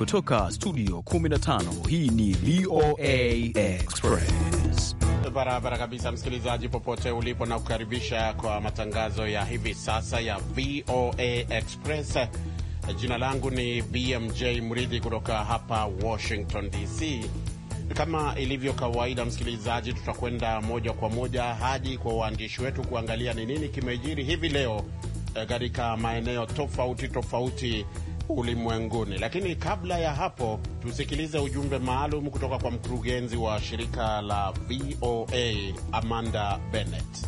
kutoka studio 15 hii ni VOA Express barabara kabisa msikilizaji popote ulipo na kukaribisha kwa matangazo ya hivi sasa ya VOA Express jina langu ni BMJ Mridhi kutoka hapa Washington DC kama ilivyo kawaida msikilizaji, tutakwenda moja kwa moja hadi kwa waandishi wetu kuangalia ni nini kimejiri hivi leo eh, katika maeneo tofauti tofauti ulimwenguni. Lakini kabla ya hapo, tusikilize ujumbe maalum kutoka kwa mkurugenzi wa shirika la VOA Amanda Bennett.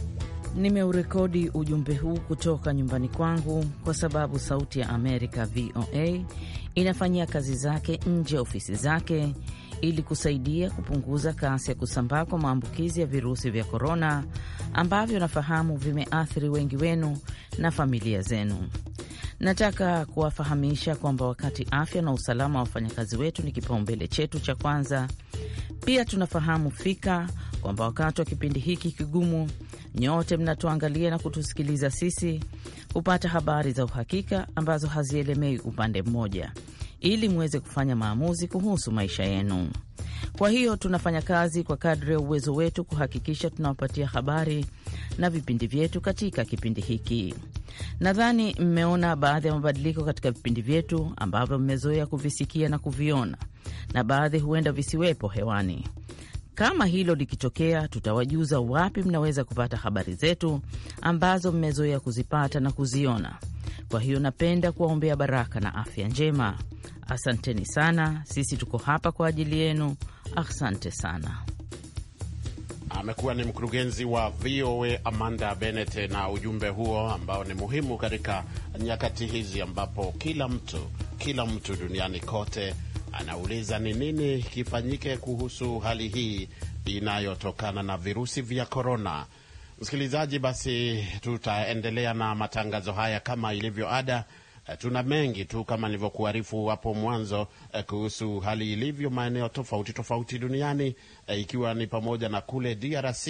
Nimeurekodi ujumbe huu kutoka nyumbani kwangu kwa sababu Sauti ya Amerika VOA inafanyia kazi zake nje ya ofisi zake ili kusaidia kupunguza kasi ya kusambaa kwa maambukizi ya virusi vya korona ambavyo nafahamu vimeathiri wengi wenu na familia zenu. Nataka kuwafahamisha kwamba wakati afya na usalama wa wafanyakazi wetu ni kipaumbele chetu cha kwanza, pia tunafahamu fika kwamba wakati wa kipindi hiki kigumu, nyote mnatuangalia na kutusikiliza sisi kupata habari za uhakika ambazo hazielemei upande mmoja, ili mweze kufanya maamuzi kuhusu maisha yenu. Kwa hiyo tunafanya kazi kwa kadri ya uwezo wetu kuhakikisha tunawapatia habari na vipindi vyetu katika kipindi hiki. Nadhani mmeona baadhi ya mabadiliko katika vipindi vyetu ambavyo mmezoea kuvisikia na kuviona, na baadhi huenda visiwepo hewani. Kama hilo likitokea, tutawajuza wapi mnaweza kupata habari zetu ambazo mmezoea kuzipata na kuziona. Kwa hiyo napenda kuwaombea baraka na afya njema. Asanteni sana, sisi tuko hapa kwa ajili yenu. Asante sana amekuwa ni mkurugenzi wa VOA Amanda Bennett, na ujumbe huo ambao ni muhimu katika nyakati hizi ambapo kila mtu kila mtu duniani kote anauliza ni nini kifanyike kuhusu hali hii inayotokana na virusi vya korona. Msikilizaji, basi tutaendelea na matangazo haya kama ilivyo ada Eh, tuna mengi tu kama nilivyokuarifu hapo mwanzo eh, kuhusu hali ilivyo maeneo tofauti tofauti duniani eh, ikiwa ni pamoja na kule DRC,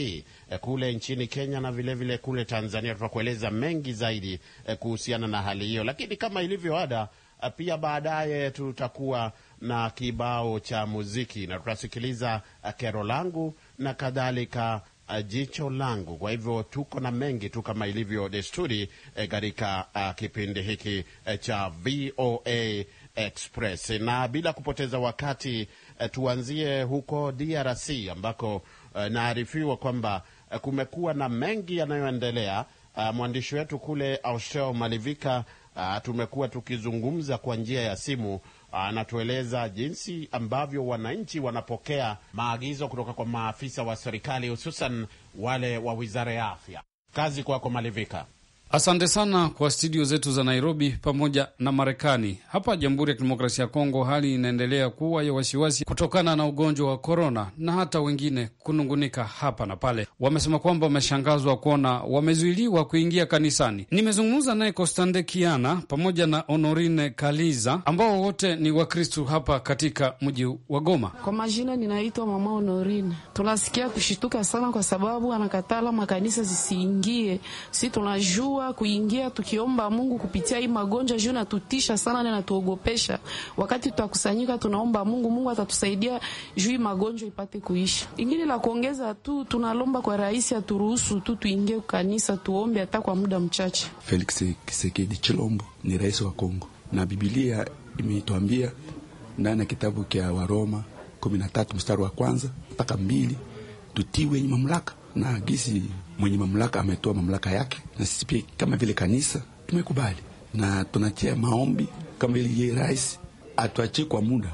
kule nchini Kenya na vilevile vile kule Tanzania. Tutakueleza mengi zaidi kuhusiana na hali hiyo, lakini kama ilivyo ada pia baadaye tutakuwa na kibao cha muziki na tutasikiliza kero langu na kadhalika jicho langu. Kwa hivyo tuko na mengi tu kama ilivyo desturi eh, katika e, kipindi hiki e, cha VOA Express, na bila kupoteza wakati e, tuanzie huko DRC ambako e, naarifiwa kwamba e, kumekuwa na mengi yanayoendelea. Ah, mwandishi wetu kule Austel Malivika e, tumekuwa tukizungumza kwa njia ya simu anatueleza jinsi ambavyo wananchi wanapokea maagizo kutoka kwa maafisa wa serikali, hususan wale wa wizara ya afya. Kazi kwako Malivika. Asante sana kwa studio zetu za Nairobi pamoja na Marekani. Hapa Jamhuri ya Kidemokrasia ya Kongo hali inaendelea kuwa ya wasiwasi kutokana na ugonjwa wa korona, na hata wengine kunungunika hapa na pale. Wamesema kwamba wameshangazwa kuona wamezuiliwa kuingia kanisani. Nimezungumza naye Kostande Kiana pamoja na Honorine Kaliza ambao wote ni Wakristu hapa katika mji wa Goma. Kwa majina ninaitwa Mama Honorine. Tunasikia kushituka sana kwa sababu anakatala makanisa zisiingie, si tunajua kuombewa kuingia, tukiomba Mungu kupitia hii magonjwa juu natutisha sana na natuogopesha. Wakati tutakusanyika tunaomba Mungu, Mungu atatusaidia juu hii magonjwa ipate kuisha. Ingine la kuongeza tu, tunalomba kwa rais aturuhusu tu tuingie kanisa tuombe hata kwa muda mchache. Felix Kisekedi Chilombo ni rais wa Kongo na Biblia imetuambia ndani ya kitabu cha Waroma 13 mstari wa kwanza mpaka mbili tutiwe mamlaka na gisi mwenye mamlaka ametoa mamlaka yake, na sisi pia kama vile kanisa tumekubali na tunatia maombi kama vile yeye rais atuachie kwa muda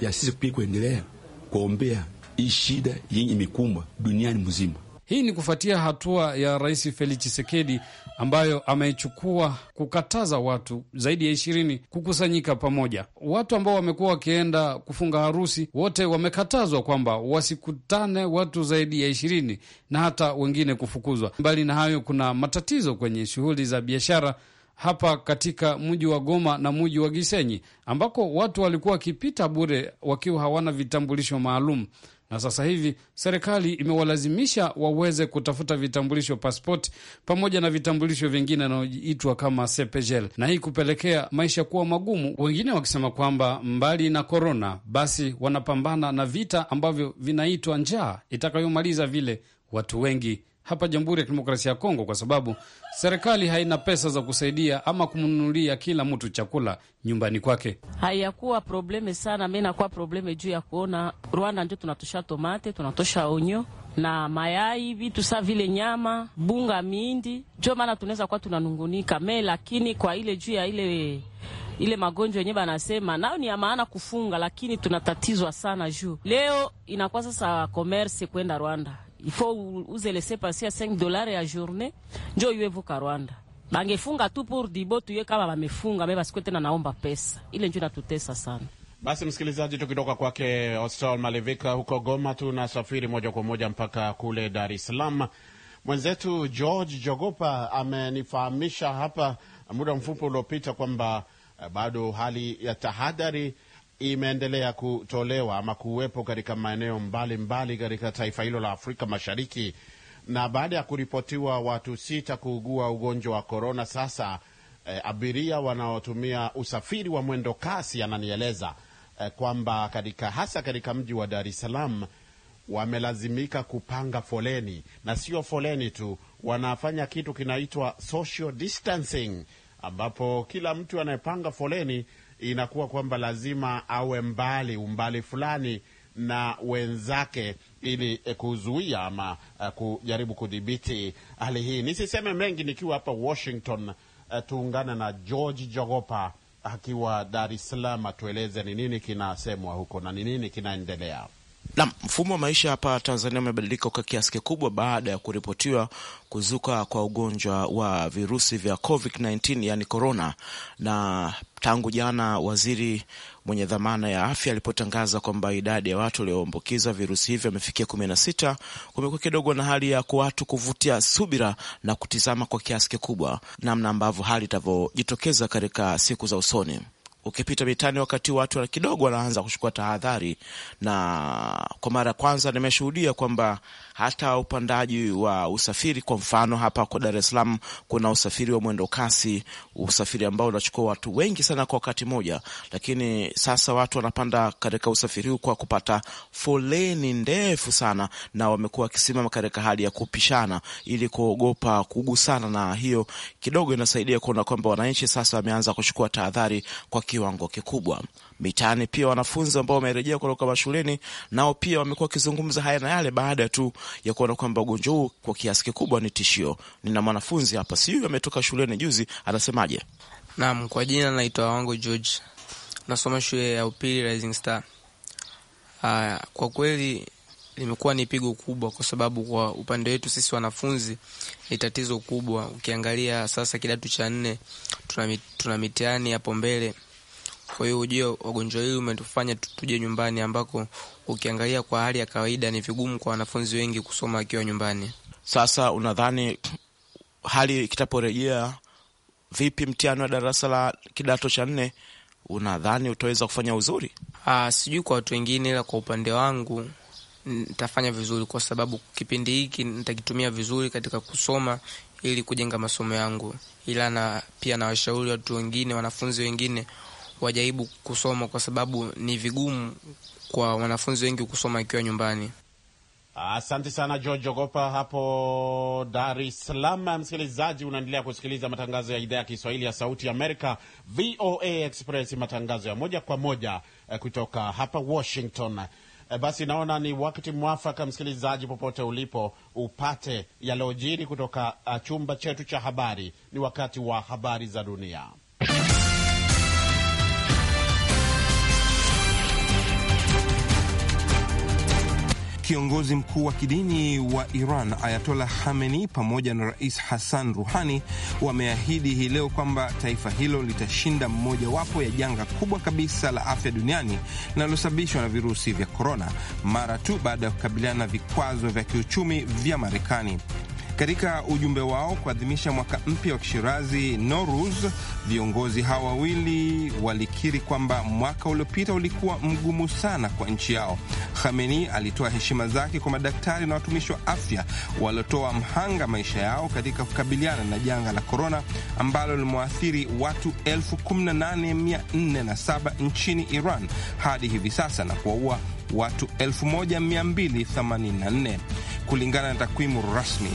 ya sisi pia kuendelea kuombea hii shida yenye imekumba duniani mzima. Hii ni kufuatia hatua ya Rais Felix Tshisekedi ambayo ameichukua kukataza watu zaidi ya ishirini kukusanyika pamoja. Watu ambao wamekuwa wakienda kufunga harusi wote wamekatazwa kwamba wasikutane watu zaidi ya ishirini na hata wengine kufukuzwa. Mbali na hayo, kuna matatizo kwenye shughuli za biashara hapa katika mji wa Goma na mji wa Gisenyi ambako watu walikuwa wakipita bure wakiwa hawana vitambulisho maalum na sasa hivi serikali imewalazimisha waweze kutafuta vitambulisho paspoti pamoja na vitambulisho vingine vinavyoitwa kama sepegel, na hii kupelekea maisha kuwa magumu, wengine wakisema kwamba mbali na korona, basi wanapambana na vita ambavyo vinaitwa njaa itakayomaliza vile watu wengi hapa Jamhuri ya Kidemokrasia ya Kongo, kwa sababu serikali haina pesa za kusaidia ama kumnunulia kila mtu chakula nyumbani kwake. Haiyakuwa probleme sana, mi nakuwa probleme juu ya kuona Rwanda ndio tunatosha tomate, tunatosha onyo na mayai, vitu saa vile nyama, bunga, mindi, njo maana tunaweza kuwa tunanungunika me, lakini kwa ile juu ya ile ile magonjwa yenyewe banasema nayo ni ya maana kufunga, lakini tunatatizwa sana juu leo inakuwa sasa commerce kwenda Rwanda il faut vous laisser passer à 5 dollars à journée njo iwe vuka Rwanda bangefunga tu pour dibo tuye kama wamefunga me basikuwe tena, naomba pesa ile njo inatutesa sana. Basi msikilizaji, tukitoka kwake Ostal Malevika huko Goma, tunasafiri moja kwa moja mpaka kule Dar es Salaam. Mwenzetu George Jogopa amenifahamisha hapa muda mfupi uliopita kwamba eh, bado hali ya tahadhari imeendelea kutolewa ama kuwepo katika maeneo mbalimbali katika taifa hilo la Afrika Mashariki, na baada ya kuripotiwa watu sita kuugua ugonjwa wa korona, sasa eh, abiria wanaotumia usafiri wa mwendo kasi ananieleza eh, kwamba katika hasa katika mji wa Dar es Salaam wamelazimika kupanga foleni, na sio foleni tu, wanafanya kitu kinaitwa social distancing, ambapo kila mtu anayepanga foleni inakuwa kwamba lazima awe mbali, umbali fulani na wenzake ili eh, kuzuia ama eh, kujaribu kudhibiti hali hii. Nisiseme mengi nikiwa hapa Washington. Eh, Tuungane na George Jogopa akiwa Dar es Salaam atueleze ni nini kinasemwa huko na ni nini kinaendelea. Na mfumo wa maisha hapa Tanzania umebadilika kwa kiasi kikubwa baada ya kuripotiwa kuzuka kwa ugonjwa wa virusi vya COVID-19 yani corona, na tangu jana waziri mwenye dhamana ya afya alipotangaza kwamba idadi ya watu walioambukizwa virusi hivyo amefikia kumi na sita, kumekuwa kidogo na hali ya watu kuvutia subira na kutizama kwa kiasi kikubwa namna ambavyo hali itavyojitokeza katika siku za usoni ukipita mitaani wakati watu kidogo wanaanza kuchukua tahadhari, na kwa mara ya kwanza nimeshuhudia kwamba hata upandaji wa usafiri. Kwa mfano hapa kwa Dar es Salaam kuna usafiri wa mwendo kasi, usafiri ambao unachukua watu wengi sana kwa wakati mmoja, lakini sasa watu wanapanda katika usafiri huu kwa kupata foleni ndefu sana, na wamekuwa wakisimama katika hali ya kupishana ili kuogopa kugusana, na hiyo kidogo inasaidia kuona kwamba wananchi sasa wameanza kuchukua tahadhari kwa kiwango kikubwa mitaani. Pia wanafunzi ambao wamerejea kutoka mashuleni nao pia wamekuwa wakizungumza haya na yale, baada tu ya kuona kwamba ugonjwa huu kwa kiasi kikubwa ni tishio. Nina mwanafunzi hapa, siyu ametoka shuleni juzi, anasemaje? Naam, kwa jina naitwa Wango George, nasoma shule ya upili Rising Star. Uh, kwa kweli limekuwa ni pigo kubwa, kwa sababu kwa upande wetu sisi wanafunzi ni tatizo kubwa. Ukiangalia sasa kidato cha nne tuna mitihani hapo mbele kwa hiyo ujio wagonjwa hii umetufanya tuje nyumbani, ambako ukiangalia kwa hali ya kawaida ni vigumu kwa wanafunzi wengi kusoma akiwa nyumbani. Sasa unadhani hali ikitaporejea vipi, mtihani wa darasa la kidato cha nne unadhani utaweza kufanya uzuri? Aa, ah, sijui kwa watu wengine, ila kwa upande wangu nitafanya vizuri, kwa sababu kipindi hiki nitakitumia vizuri katika kusoma ili kujenga masomo yangu, ila na pia nawashauri watu wengine, wanafunzi wengine wajaribu kusoma, kwa sababu ni vigumu kwa wanafunzi wengi kusoma ikiwa nyumbani. Asante sana George Ogopa hapo Dar es Salaam. Msikilizaji, unaendelea kusikiliza matangazo ya idhaa ya Kiswahili ya Sauti Amerika, VOA Express, matangazo ya moja kwa moja eh, kutoka hapa Washington. Eh, basi naona ni wakati mwafaka, msikilizaji, popote ulipo, upate yaliyojiri kutoka eh, chumba chetu cha habari. Ni wakati wa habari za dunia. Kiongozi mkuu wa kidini wa Iran Ayatollah Khamenei pamoja na Rais Hassan Ruhani wameahidi hii leo kwamba taifa hilo litashinda mmojawapo ya janga kubwa kabisa la afya duniani linalosababishwa na virusi vya korona mara tu baada ya kukabiliana na vikwazo vya kiuchumi vya Marekani. Katika ujumbe wao kuadhimisha mwaka mpya wa Kishirazi Noruz, viongozi hawa wawili walikiri kwamba mwaka uliopita ulikuwa mgumu sana kwa nchi yao. Khamenei alitoa heshima zake kwa madaktari na watumishi wa afya waliotoa mhanga maisha yao katika kukabiliana na janga la korona ambalo limewaathiri watu 18447 nchini Iran hadi hivi sasa na kuwaua watu 1284 kulingana na takwimu rasmi.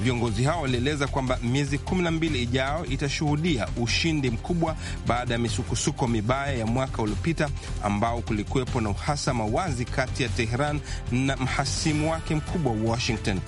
Viongozi hao walieleza kwamba miezi 12 ijayo itashuhudia ushindi mkubwa baada ya misukosuko mibaya ya mwaka uliopita ambao kulikuwepo na uhasama wazi kati ya Tehran na mhasimu wake mkubwa Washington.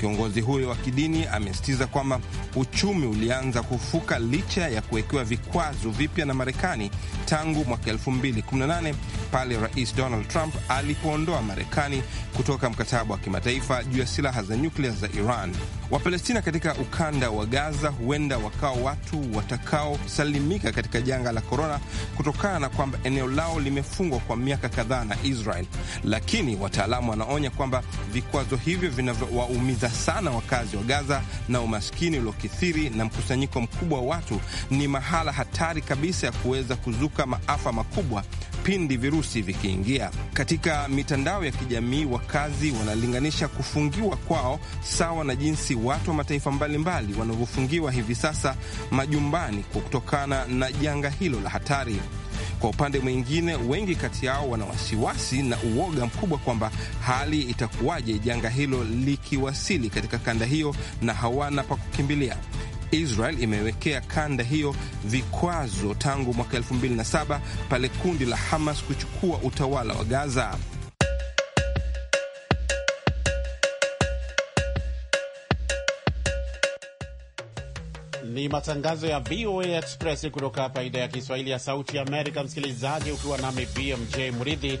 Kiongozi huyo wa kidini amesisitiza kwamba uchumi ulianza kufuka licha ya kuwekewa vikwazo vipya na Marekani tangu mwaka 2018 pale Rais Donald Trump alipoondoa Marekani kutoka mkataba wa kimataifa juu ya silaha za nyuklia za Iran. Wapalestina katika ukanda wa Gaza huenda wakawa watu watakaosalimika katika janga la korona kutokana na kwamba eneo lao limefungwa kwa miaka kadhaa na Israel, lakini wataalamu wanaonya kwamba vikwazo hivyo vinavyowaumiza sana wakazi wa Gaza na umaskini uliokithiri na mkusanyiko mkubwa wa watu ni mahala hatari kabisa ya kuweza kuzuka maafa makubwa pindi virusi vikiingia. Katika mitandao ya kijamii, wakazi wanalinganisha kufungiwa kwao sawa na jinsi watu wa mataifa mbalimbali wanavyofungiwa hivi sasa majumbani kwa kutokana na janga hilo la hatari. Kwa upande mwingine, wengi kati yao wana wasiwasi na uoga mkubwa kwamba hali itakuwaje janga hilo likiwasili katika kanda hiyo na hawana pa kukimbilia. Israel imewekea kanda hiyo vikwazo tangu mwaka 2007 pale kundi la Hamas kuchukua utawala wa Gaza. Ni matangazo ya VOA Express kutoka hapa idhaa ya Kiswahili ya Sauti ya Amerika. Msikilizaji, ukiwa nami BMJ Mridhi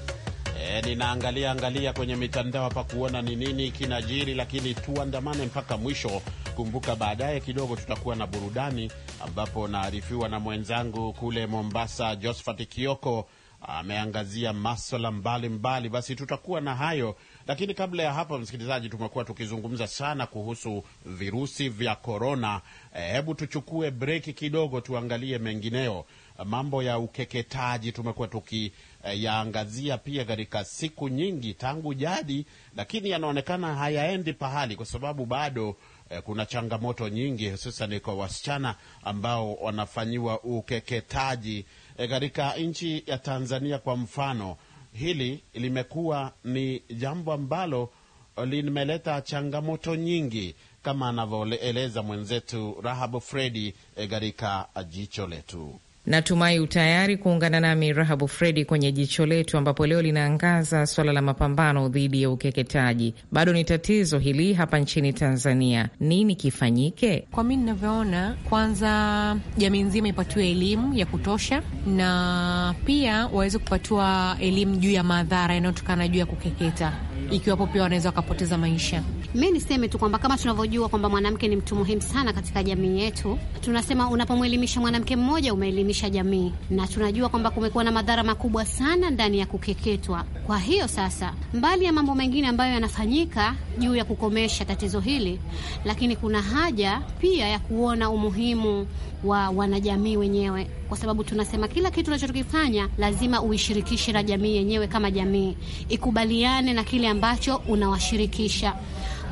E, ninaangalia angalia kwenye mitandao hapa kuona ni nini kinajiri, lakini tuandamane mpaka mwisho. Kumbuka baadaye kidogo tutakuwa na burudani, ambapo naarifiwa na mwenzangu kule Mombasa josphat Kioko ameangazia maswala mbalimbali. Basi tutakuwa na hayo lakini kabla ya hapo, msikilizaji, tumekuwa tukizungumza sana kuhusu virusi vya korona. Hebu tuchukue breki kidogo, tuangalie mengineo. Mambo ya ukeketaji tumekuwa tukiyaangazia pia katika siku nyingi tangu jadi, lakini yanaonekana hayaendi pahali, kwa sababu bado eh, kuna changamoto nyingi hususan kwa wasichana ambao wanafanyiwa ukeketaji eh, katika nchi ya Tanzania. Kwa mfano, hili limekuwa ni jambo ambalo uh, limeleta changamoto nyingi kama anavyoeleza mwenzetu Rahabu Fredi eh, katika uh, jicho letu. Natumai utayari kuungana nami Rahabu Fredi kwenye jicho letu, ambapo leo linaangaza swala la mapambano dhidi ya ukeketaji. Bado ni tatizo hili hapa nchini Tanzania, nini kifanyike? Kwa mi ninavyoona, kwanza jamii nzima ipatiwe elimu ya kutosha, na pia waweze kupatiwa elimu juu ya madhara yanayotokana juu ya kukeketa, ikiwapo pia wanaweza wakapoteza maisha. Mi niseme tu kwamba kama tunavyojua kwamba mwanamke ni mtu muhimu sana katika jamii yetu, tunasema unapomwelimisha mwanamke mmoja umeelimisha kuelimisha jamii, na tunajua kwamba kumekuwa na madhara makubwa sana ndani ya kukeketwa. Kwa hiyo sasa, mbali ya mambo mengine ambayo yanafanyika juu ya kukomesha tatizo hili, lakini kuna haja pia ya kuona umuhimu wa wanajamii wenyewe, kwa sababu tunasema kila kitu unachokifanya lazima uishirikishe na jamii yenyewe, kama jamii ikubaliane na kile ambacho unawashirikisha.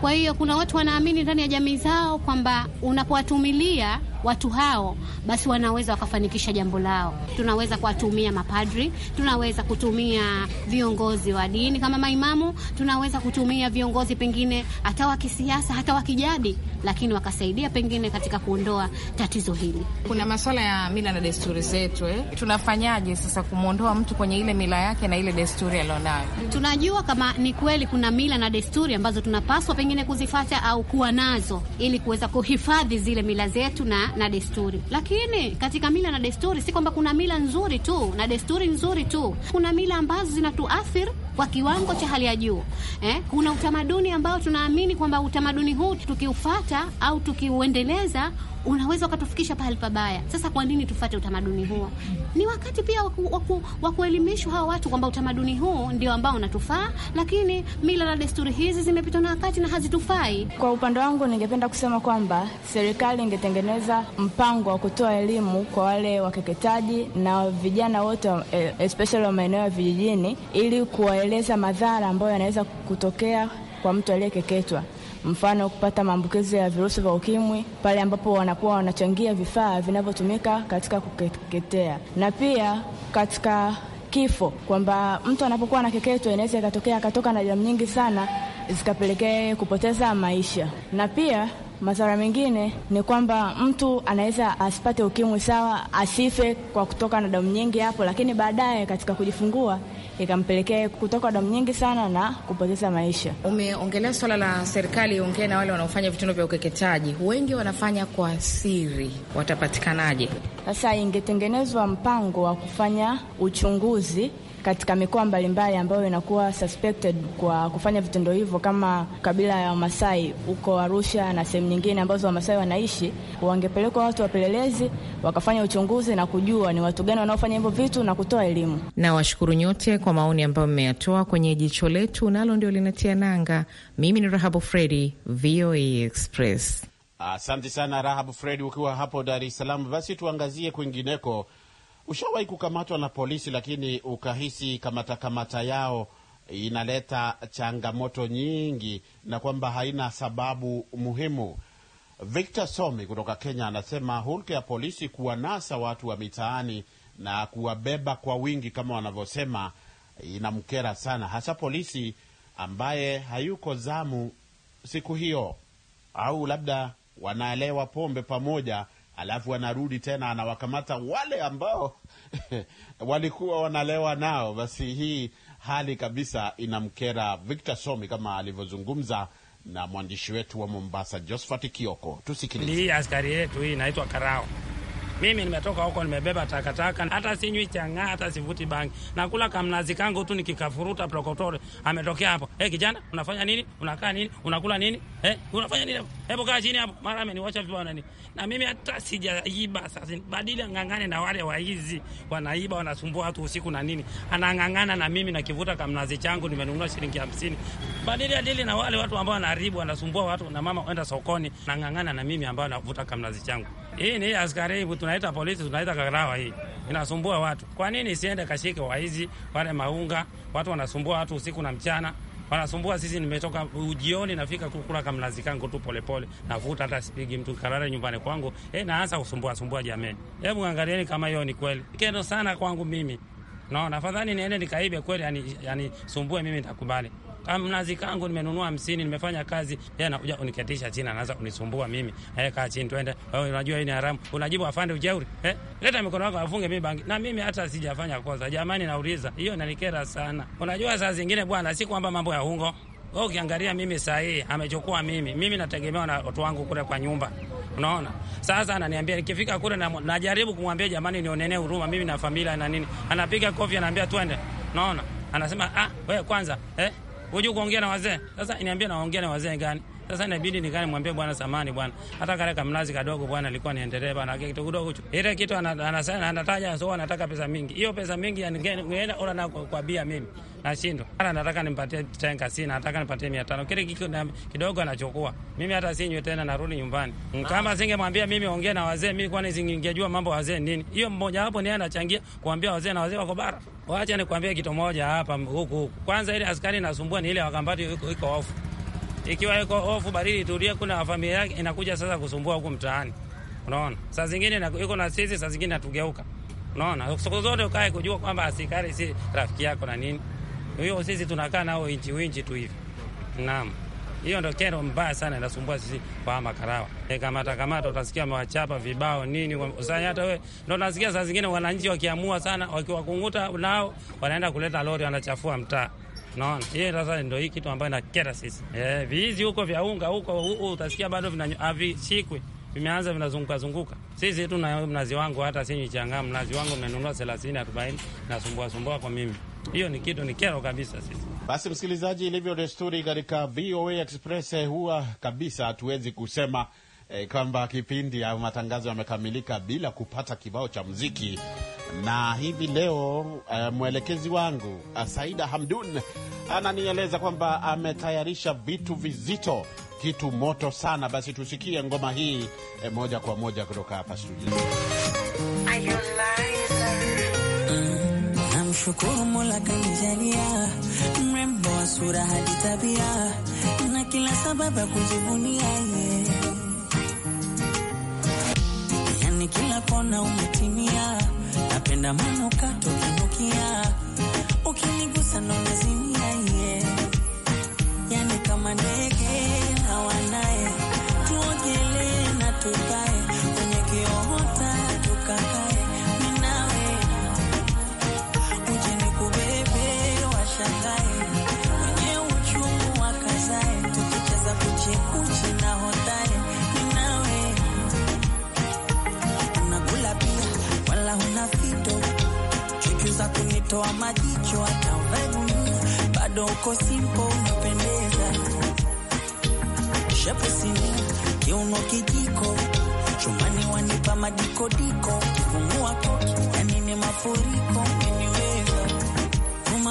Kwa hiyo kuna watu wanaamini ndani ya jamii zao kwamba unapowatumilia watu hao basi wanaweza wakafanikisha jambo lao. Tunaweza kuwatumia mapadri, tunaweza kutumia viongozi wa dini kama maimamu, tunaweza kutumia viongozi pengine hata wa kisiasa, hata wa kijadi, lakini wakasaidia pengine katika kuondoa tatizo hili. Kuna masuala ya mila na desturi zetu eh. Tunafanyaje sasa kumwondoa mtu kwenye ile mila yake na ile desturi alionayo? Tunajua kama ni kweli kuna mila na desturi ambazo tunapaswa pengine kuzifata au kuwa nazo ili kuweza kuhifadhi zile mila zetu na na desturi. Lakini katika mila na desturi, si kwamba kuna mila nzuri tu na desturi nzuri tu. Kuna mila ambazo zinatuathiri kwa kiwango cha hali ya juu eh. Kuna utamaduni ambao tunaamini kwamba utamaduni huu tukiufata au tukiuendeleza unaweza ukatufikisha pahali pabaya. Sasa kwa nini tufate utamaduni huo? Ni wakati pia wa kuelimishwa hawa watu kwamba utamaduni huu ndio ambao unatufaa, lakini mila na desturi hizi zimepitwa na wakati na hazitufai. Kwa upande wangu, ningependa kusema kwamba serikali ingetengeneza mpango wa kutoa elimu kwa wale wakeketaji na vijana wote, eh, especially wa maeneo ya vijijini, ili kuwaeleza madhara ambayo yanaweza kutokea kwa mtu aliyekeketwa mfano kupata maambukizi ya virusi vya ukimwi pale ambapo wanakuwa wanachangia vifaa vinavyotumika katika kukeketea, na pia katika kifo, kwamba mtu anapokuwa anakeketwa inaweza ikatokea akatoka na damu nyingi sana zikapelekea kupoteza maisha, na pia madhara mengine ni kwamba mtu anaweza asipate ukimwi sawa, asife kwa kutoka na damu nyingi hapo, lakini baadaye katika kujifungua ikampelekea kutoka damu nyingi sana na kupoteza maisha. Umeongelea swala la serikali iongee na wale wanaofanya vitendo vya ukeketaji, wengi wanafanya kwa siri, watapatikanaje? Sasa ingetengenezwa mpango wa kufanya uchunguzi katika mikoa mbalimbali ambayo inakuwa suspected kwa kufanya vitendo hivyo, kama kabila ya Wamasai huko Arusha na sehemu nyingine ambazo Wamasai wanaishi, wangepelekwa watu wapelelezi wakafanya uchunguzi na kujua ni watu gani wanaofanya hivyo vitu na kutoa elimu. Na washukuru nyote kwa maoni ambayo mmeyatoa kwenye jicho letu, nalo ndio linatia nanga. Mimi ni Rahabu Fredi, VOA Express. Asante sana Rahabu Fredi ukiwa hapo Dar es Salaam. Basi tuangazie kwingineko. Ushawahi kukamatwa na polisi lakini ukahisi kamata kamata yao inaleta changamoto nyingi na kwamba haina sababu muhimu? Victor Somi kutoka Kenya anasema hulka ya polisi kuwanasa watu wa mitaani na kuwabeba kwa wingi kama wanavyosema inamkera sana, hasa polisi ambaye hayuko zamu siku hiyo, au labda wanaelewa pombe pamoja alafu anarudi tena anawakamata wale ambao walikuwa wanalewa nao. Basi hii hali kabisa inamkera Victor Somi kama alivyozungumza na mwandishi wetu wa Mombasa Josphat Kioko. Tusikilize. Hii askari yetu hii inaitwa Karao. Mimi nimetoka huko, nimebeba takataka, hata sinywi chang'aa, hata sivuti bangi, nakula kamnazi kangu tu nikikafuruta. Prokotore ametokea hapo, hey, eh, kijana unafanya nini? Unakaa nini? Unakula nini? Hey, eh, unafanya nini? Hebu kaa chini hapo. Mara ameniwacha vipi bwana nini? Na mimi hata sijaiba sasa. Badili angangane na wale waizi wanaiba wanasumbua watu usiku na nini. Anangangana na mimi na kivuta kamnazi changu nimenunua shilingi 50. Badili adili na wale watu ambao wanaharibu wanasumbua watu na mama waenda sokoni. Anangangana na mimi ambao navuta kamnazi changu. Hii ni askari hivi, tunaita polisi tunaita kagarawa hii. Inasumbua watu. Kwa nini siende kashike waizi wale maunga? Watu wanasumbua watu usiku na mchana wanasumbua sisi. Nimetoka jioni, nafika kukula kamlazi kangu tu polepole, navuta hata sipigi mtu kalala nyumbani kwangu e naanza kusumbua sumbua. Jameni, hebu angalieni kama hiyo ni kweli, kendo sana kwangu mimi. Naona afadhali niende nikaibe kweli, yani, yani sumbue mimi nitakubali Ah, mnazi kangu nimenunua hamsini, nimefanya kazi, yeye anakuja kuniketisha chini, anaanza kunisumbua mimi. Eh, kaa chini, twende. Wewe eh, unajua hii ni haramu, unajibu afande ujeuri. Eh, leta mikono yako afunge mimi bangi, na mimi hata sijafanya kosa. Jamani, nauliza hiyo inanikera sana. Unajua saa zingine bwana, si kwamba mambo ya ungo wewe ukiangalia mimi saa hii amechukua mimi, mimi nategemewa na watu wangu kule kwa nyumba, unaona. Sasa ananiambia nikifika kule na, najaribu kumwambia jamani, nionenee huruma mimi na familia na nini, anapiga kofi, anaambia twende, unaona, anasema ah, wewe kwanza eh Unajua kuongea na wazee. Sasa niambia naongea na wazee gani? Sasa inabidi nikani mwambie bwana samani bwana. Hata kale kamlazi kadogo bwana alikuwa niendelee bwana kitu kidogo hicho. Ile kitu anasema anataja so anataka pesa mingi. Hiyo pesa mingi yani unaenda kwa bia mimi nashindwa. Ana nataka nimpatie tenga, si nataka nipatie mia tano, kile kidogo anachukua. Mimi hata sinywe tena, narudi nyumbani. Ah. Kama singemwambia mimi ongee na wazee, mimi kwani singejua mambo wazee nini? Hiyo mmoja wapo ni anachangia kuambia wazee, na wazee wako bara. Wacha nikwambie kitu moja hapa, huku huku kwanza, ile askari nasumbua ni ile wakambati iko hofu ikiwa iko hofu baridi tulie, kuna familia yake inakuja sasa kusumbua huku mtaani. Unaona, saa zingine iko na sisi, saa zingine natugeuka. Unaona, siku zote ukae kujua kwamba asikari si rafiki yako na nini hiyo sisi tunakaa nao inchi winchi tu hivi. Naam, hiyo ndo kero mbaya sana, inasumbua sisi kwa makarawa. E, kamata kamata, utasikia amewachapa vibao nini. Hata we ndo nasikia saa zingine wananchi wakiamua sana, wakiwakunguta nao wanaenda kuleta lori, wanachafua mtaa. Naona hiyo sasa ndio hii kitu ambayo inakera sisi. eh, vizi huko vya unga huko huko utasikia bado havishikwi vimeanza vinazunguka zunguka. Sisi tu na mnazi wangu, hata sinywi changa mnazi wangu mnanunua 30 40 nasumbua sumbua kwa mimi hiyo ni kitu ni kero kabisa sisi. Basi msikilizaji, ilivyo desturi katika VOA Express, eh, huwa kabisa hatuwezi kusema eh, kwamba kipindi au matangazo yamekamilika bila kupata kibao cha muziki na hivi leo eh, mwelekezi wangu eh, Saida Hamdun ananieleza kwamba ametayarisha vitu vizito, kitu moto sana. Basi tusikie ngoma hii eh, moja kwa moja kutoka hapa studio. Shukuru Mola kanijalia mrembo wa sura hadi tabia na kila sababu ya kujivunia ye, yani kila kona umetimia, napenda manukato kinukia, ukinigusa na unazimia ye, yani kama ndege hawanaye, tuogele na tubae kwenye kioo Toa majicho hata uvagunia bado uko simpo, unapendeza shepu sini kiuno kijiko chumani wanipa madiko diko kifungua koki yanini mafuriko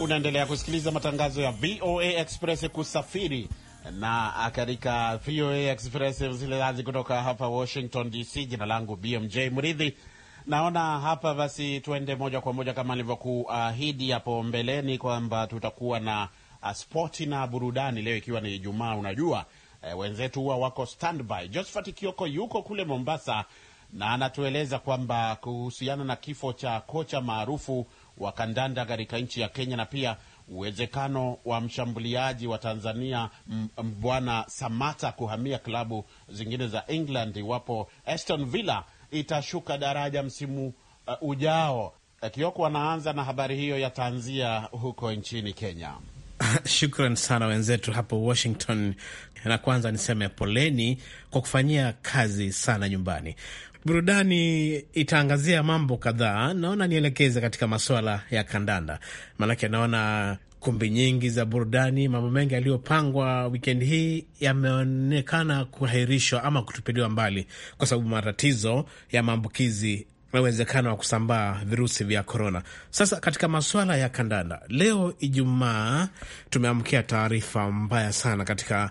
Unaendelea kusikiliza matangazo ya VOA Express kusafiri na katika VOA Express zile kutoka hapa Washington DC. Jina langu BMJ Mridhi. Naona hapa basi, tuende moja kwa moja kama nilivyokuahidi hapo mbeleni kwamba tutakuwa na ah, spoti na burudani leo, ikiwa ni Ijumaa. Unajua e, wenzetu huwa wako standby. Josephat Kioko yuko kule Mombasa na anatueleza kwamba kuhusiana na kifo cha kocha maarufu wa kandanda katika nchi ya Kenya na pia uwezekano wa mshambuliaji wa Tanzania Bwana Samata kuhamia klabu zingine za England iwapo Aston Villa itashuka daraja msimu uh, ujao. Kioko anaanza na habari hiyo ya tanzia huko nchini Kenya. Shukran sana wenzetu hapo Washington, na kwanza niseme poleni kwa kufanyia kazi sana nyumbani. Burudani itaangazia mambo kadhaa, naona nielekeze katika masuala ya kandanda, maanake naona kumbi nyingi za burudani, mambo mengi yaliyopangwa wikendi hii yameonekana kuahirishwa ama kutupiliwa mbali kwa sababu matatizo ya maambukizi na uwezekano wa kusambaa virusi vya korona. Sasa katika masuala ya kandanda, leo Ijumaa tumeamkia taarifa mbaya sana katika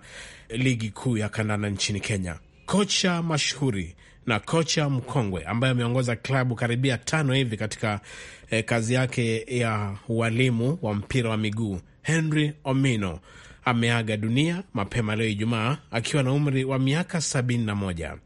ligi kuu ya kandanda nchini Kenya. Kocha mashuhuri na kocha mkongwe ambaye ameongoza klabu karibia tano hivi katika eh, kazi yake ya ualimu wa mpira wa miguu Henry Omino ameaga dunia mapema leo Ijumaa akiwa na umri wa miaka moja.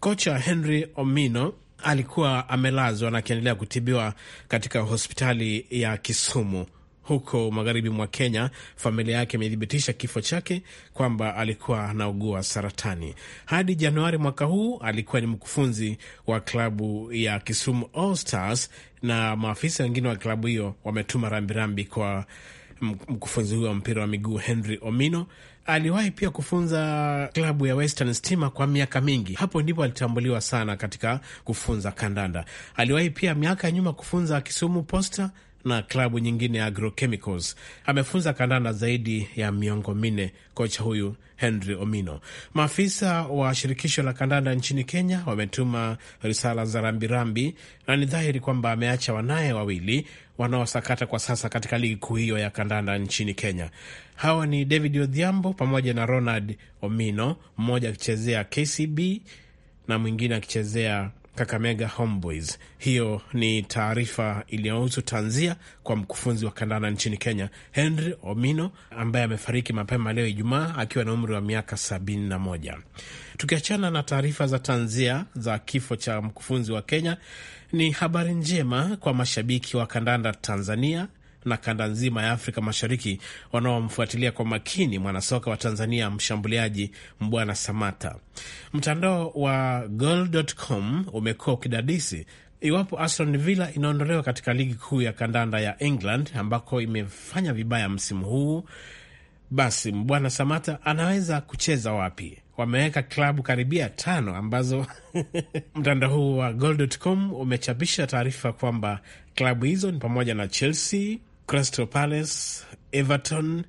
Kocha Henry Omino alikuwa amelazwa na akiendelea kutibiwa katika hospitali ya Kisumu huko magharibi mwa Kenya. Familia yake imethibitisha kifo chake kwamba alikuwa anaugua saratani. Hadi Januari mwaka huu alikuwa ni mkufunzi wa klabu ya Kisumu All Stars, na maafisa wengine wa klabu hiyo wametuma rambirambi kwa mkufunzi huyo wa mpira wa miguu Henry Omino aliwahi pia kufunza klabu ya Western Stima kwa miaka mingi. Hapo ndipo alitambuliwa sana katika kufunza kandanda. Aliwahi pia miaka ya nyuma kufunza Kisumu Posta na klabu nyingine ya Agrochemicals. Amefunza kandanda zaidi ya miongo minne kocha huyu Henry Omino. Maafisa wa shirikisho la kandanda nchini Kenya wametuma risala za rambirambi, na ni dhahiri kwamba ameacha wanaye wawili wanaosakata kwa sasa katika ligi kuu hiyo ya kandanda nchini Kenya. Hawa ni David Odhiambo pamoja na Ronald Omino, mmoja akichezea KCB na mwingine akichezea Kakamega Homeboys. Hiyo ni taarifa iliyohusu tanzia kwa mkufunzi wa kandanda nchini Kenya, Henry Omino, ambaye amefariki mapema leo Ijumaa akiwa na umri wa miaka 71. Tukiachana na taarifa za tanzia za kifo cha mkufunzi wa Kenya, ni habari njema kwa mashabiki wa kandanda Tanzania na kanda nzima ya Afrika Mashariki wanaomfuatilia kwa makini mwanasoka wa Tanzania mshambuliaji Mbwana Samata. Mtandao wa goal.com umekuwa ukidadisi iwapo Aston Villa inaondolewa katika ligi kuu ya kandanda ya England ambako imefanya vibaya msimu huu, basi Mbwana Samata anaweza kucheza wapi? Wameweka klabu karibia tano ambazo mtandao huu wa goal.com umechapisha taarifa kwamba klabu hizo ni pamoja na Chelsea, Crystal Palace, Everton,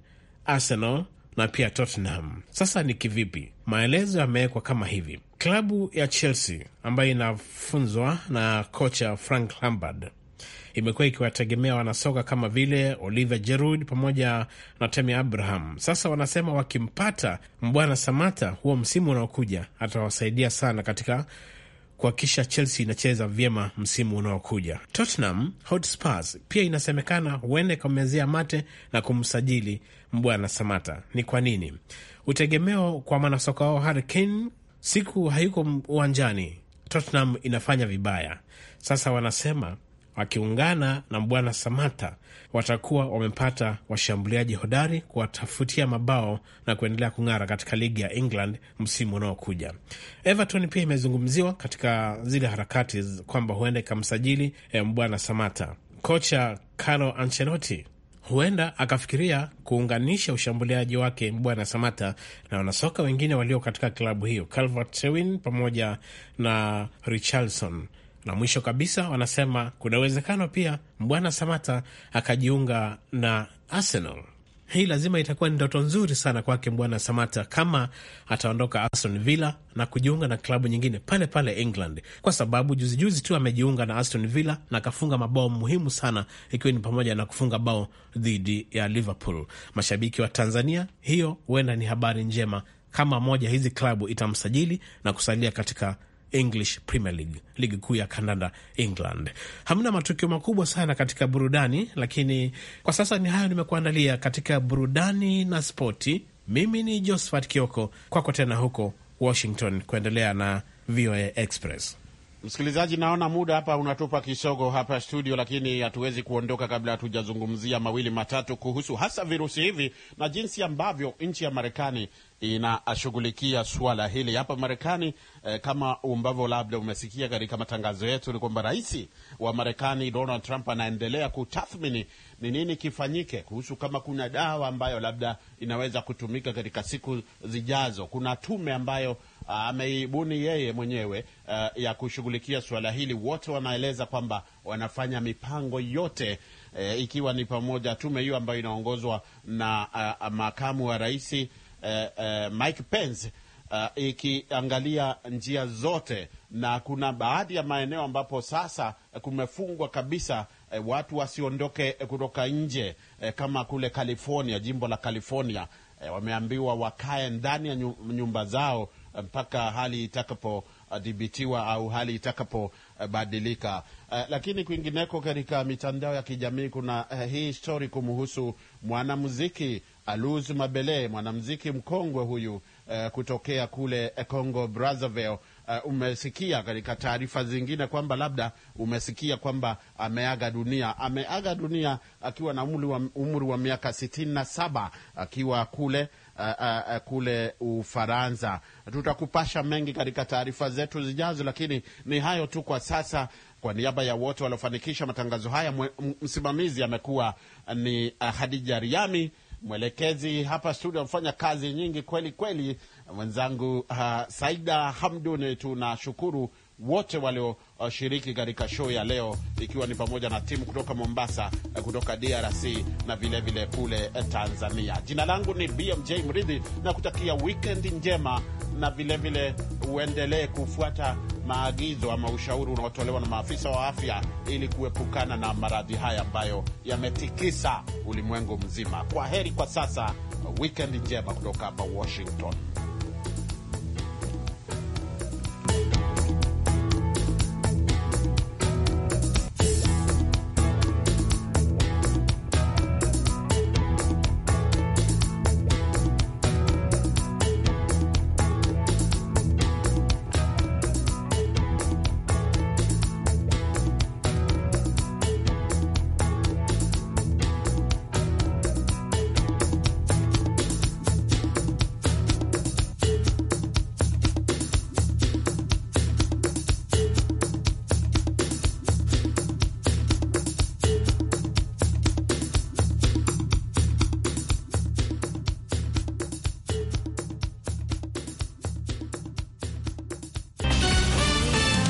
Arsenal na pia Tottenham. Sasa ni kivipi? Maelezo yamewekwa kama hivi. Klabu ya Chelsea ambayo inafunzwa na kocha Frank Lampard imekuwa ikiwategemea wanasoka kama vile Olivier Giroud pamoja na Tammy Abraham. Sasa wanasema wakimpata Mbwana Samata huo msimu unaokuja atawasaidia sana katika kuhakikisha Chelsea inacheza vyema msimu unaokuja. Tottenham pia inasemekana huenda ikamezea mate na kumsajili Mbwana Samata. Ni kwa nini? Utegemeo kwa mwanasoka wao Harry Kane siku hayuko uwanjani, Tottenham inafanya vibaya. Sasa wanasema wakiungana na Bwana Samata watakuwa wamepata washambuliaji hodari kuwatafutia mabao na kuendelea kung'ara katika ligi ya England msimu unaokuja. Everton pia imezungumziwa katika zile harakati kwamba huenda ikamsajili eh, Bwana Samata. Kocha Carlo Ancelotti huenda akafikiria kuunganisha ushambuliaji wake Bwana Samata na wanasoka wengine walio katika klabu hiyo, Calvert Lewin pamoja na Richarlison na mwisho kabisa, wanasema kuna uwezekano pia Mbwana Samata akajiunga na Arsenal. Hii lazima itakuwa ni ndoto nzuri sana kwake Mbwana Samata kama ataondoka Aston Villa na kujiunga na klabu nyingine pale pale England, kwa sababu juzijuzi juzi tu amejiunga na Aston Villa na akafunga mabao muhimu sana, ikiwa ni pamoja na kufunga bao dhidi ya Liverpool. Mashabiki wa Tanzania, hiyo huenda ni habari njema kama moja hizi klabu itamsajili na kusalia katika English Premier League, ligi kuu ya Canada, England. Hamna matukio makubwa sana katika burudani, lakini kwa sasa ni hayo nimekuandalia katika burudani na spoti. Mimi ni Josephat Kioko, kwako tena huko Washington kuendelea na VOA Express. Msikilizaji, naona muda hapa unatupa kisogo hapa studio, lakini hatuwezi kuondoka kabla hatujazungumzia mawili matatu kuhusu hasa virusi hivi na jinsi ambavyo nchi ya Marekani inashughulikia suala hili hapa Marekani. Eh, kama ambavyo labda umesikia katika matangazo yetu ni kwamba rais wa Marekani Donald Trump anaendelea kutathmini ni nini kifanyike kuhusu kama kuna dawa ambayo labda inaweza kutumika katika siku zijazo. Kuna tume ambayo ameibuni yeye mwenyewe uh, ya kushughulikia suala hili. Wote wanaeleza kwamba wanafanya mipango yote uh, ikiwa ni pamoja tume hiyo ambayo inaongozwa na uh, makamu wa rais uh, uh, Mike Pence uh, ikiangalia njia zote, na kuna baadhi ya maeneo ambapo sasa kumefungwa kabisa watu wasiondoke kutoka nje kama kule California, jimbo la California, wameambiwa wakae ndani ya nyumba zao mpaka hali itakapodhibitiwa au hali itakapobadilika. Eh, lakini kwingineko katika mitandao ya kijamii kuna eh, hii stori kumhusu mwanamuziki Aluz Mabele, mwanamuziki mkongwe huyu eh, kutokea kule Congo Brazzaville. Uh, umesikia katika taarifa zingine kwamba labda umesikia kwamba ameaga dunia. Ameaga dunia akiwa na umri wa, umri wa miaka sitini na saba akiwa kule uh, uh, kule Ufaransa. Tutakupasha mengi katika taarifa zetu zijazo, lakini ni hayo tu kwa sasa. Kwa niaba ya wote waliofanikisha matangazo haya, msimamizi amekuwa ni uh, Hadija Riami, mwelekezi hapa studio amefanya kazi nyingi kweli kweli, mwenzangu uh, Saida Hamdun. Tunashukuru wote walioshiriki uh, katika show ya leo, ikiwa ni pamoja na timu kutoka Mombasa, uh, kutoka DRC na vilevile vile kule uh, Tanzania. Jina langu ni BMJ Mridhi na kutakia wikendi njema na vilevile uendelee kufuata maagizo ama ushauri unaotolewa na maafisa wa afya ili kuepukana na maradhi haya ambayo yametikisa ulimwengu mzima. Kwa heri kwa sasa, wikendi njema kutoka hapa Washington.